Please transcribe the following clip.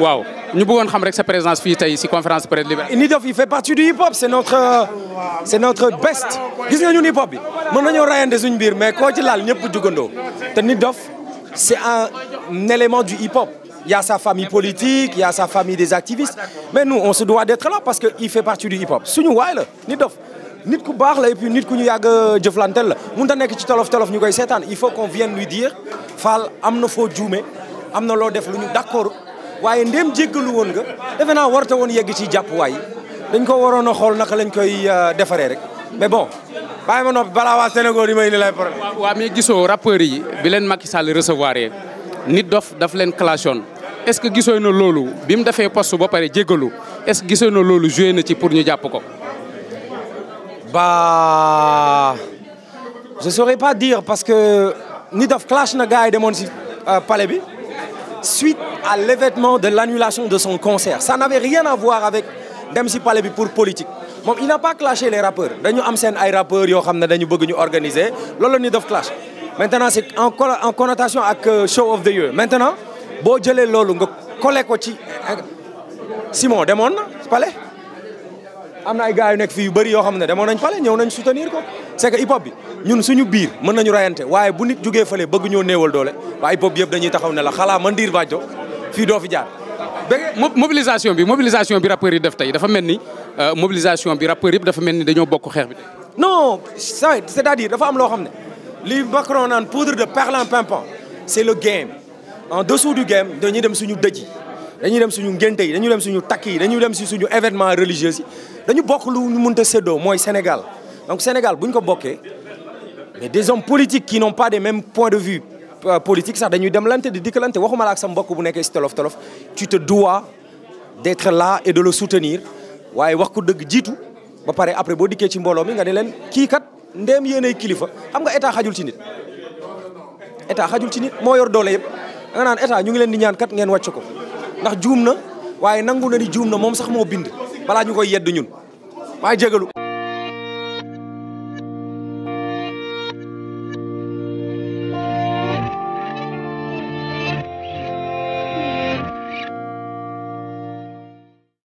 waaw ñu bëggoon xam rek sa présence fii tey si conférence presse libérale. Nidof il fait partie du hip hop c' est notre c' est best gis nga hip hop bi mën nañoo rayande suñu biir mais koo ci laal ñëpp jugandoo te Nidof c' est un élément du hip hop. il y a sa famille politique il y a sa famille des activistes mais nous on se doit d' être là parce que fait partie du hip hop suñu waay la Nidof nit ku baax la et puis nit ku ñu yàgg jëflanteel la mun ta nekk ci tolof tolof ñu koy seetaan il faut qu'on vienne lui dire am na foo juume am na loo def lu ñu d' accord waaye ndéem jéggalu woon nga defe naa warta woon yegg ci jàppuwaay dañ ko waroon a xool naka lañ koy euh, defaree rek mais bon bàyyi ma noppi balaa waa Sénégal yi may ni lay problème. waaw mais gisoo rappeurs yi bi leen Macky Sall recevoir nit dof daf leen clashon est-ce que gisoo na loolu bi mu defee poste ba pare jéggalu est-ce que gisoo na loolu joué na ci pour ñu jàpp ko. ba je saurais pas dire parce que nit dof clash na gars yi demoon si euh, pale bi. suite à l'événement de l'annulation de son concert ça n'avait rien à voir avec dem si palais bi pour politique moom il n'a pas clashé les rappeurs dañu am seen ay rappeurs yoo xam ne dañu bëgg ñu organiser loolu la ñuy def clash maintenant c'est en en connotation ak euh, show of the year maintenant boo jëlee loolu nga collé ko ci euh, Simon demoon na palais am na ay gars yu nekk fii yu bëri yoo xam ne demoon nañ fale ñëw nañ soutenir ko c'est que hip hop bi ñun suñu biir mën nañu rayante waaye bu nit jógee fale bëgg ñoo néewal doole waa hip hop bi yëpp dañuy taxaw ne la xalaa man diir bàjjo fii doo fi jaar mobilisation bi mobilisation bi rappeurs yi def tey dafa mel ni euh, mobilisation bi rappeurs yëpp dafa mel ni dañoo bokk xeex bi tey non ça c'est-à-dire dafa am loo xam ne li Macron naan poudre de perlimpinpin c'est le game en dessous du game dañuy dem suñu dëj yi dañuy dem suñu ngénte yi dañuy dem suñu takk yi dañuy dem si suñu événement religieux yi dañu bokk lu ñu mënta séddoo mooy Sénégal donc Sénégal bu ko bokkee mais des hommes politiques qui n'ont pas des même points de vue euh, politique sax dañuy dem lante di dikkalante waxuma la ak sa mbokk bu nekkee si tolof tolof tu te dois d'être là et de le soutenir waaye wax ko dëgg jiitu ba pare après boo dikkee ci mbooloo mi nga ne leen kii kat ndéem yéenay kilifa xam nga état xajul ci nit état xajul ci moo yor doole yëpp nga naan ñu ngi leen di ñaan kat ngeen wàcc ko ndax juum na waaye nangu na ni juum na moom sax moo bind balaa ñu koy yedd ñun maa jégalu